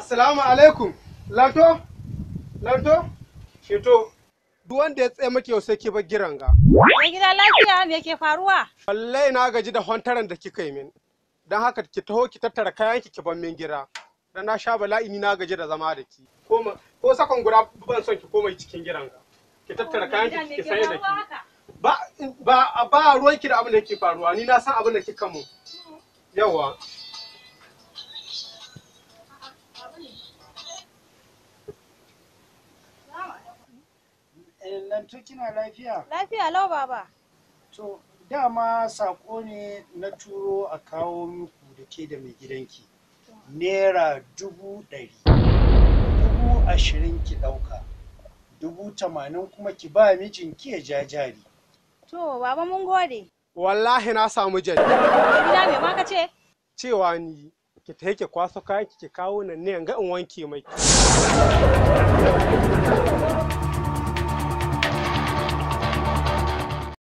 Assalamu alaikum. Lanto? Lanto? Fito. Duk wanda ya tsaye maki yau sai ki bar giran ga. Mai gida lafiya me ke faruwa? Wallahi na gaji da hontaran da kika yi min. Don haka ki taho ki tattara kayan ki ki bar min gira. Dan na sha bala'i ni na gaji da zama da ki. Ko ko sakon guda ban son ki koma cikin giran ga. Ki tattara kayan ki ki saye da ki. Ba ba ba ruwan ki da abin da ke faruwa ni na san abin da kika mu. Yawa. Yanzu, kina lafiya? Lafiya lau baba. To dama sako ne na turo a kawo muku da ke da mai gidanki. Naira dubu ɗari, dubu ashirin ki ɗauka, dubu tamanin kuma ki ba mijin ki ya ja jari. To, baba mun gode. Wallahi na samu jari. Gida me ma ka ce? Cewa ni ki ta ki kwaso kayan ki kawo nan ne ga in wanke mai.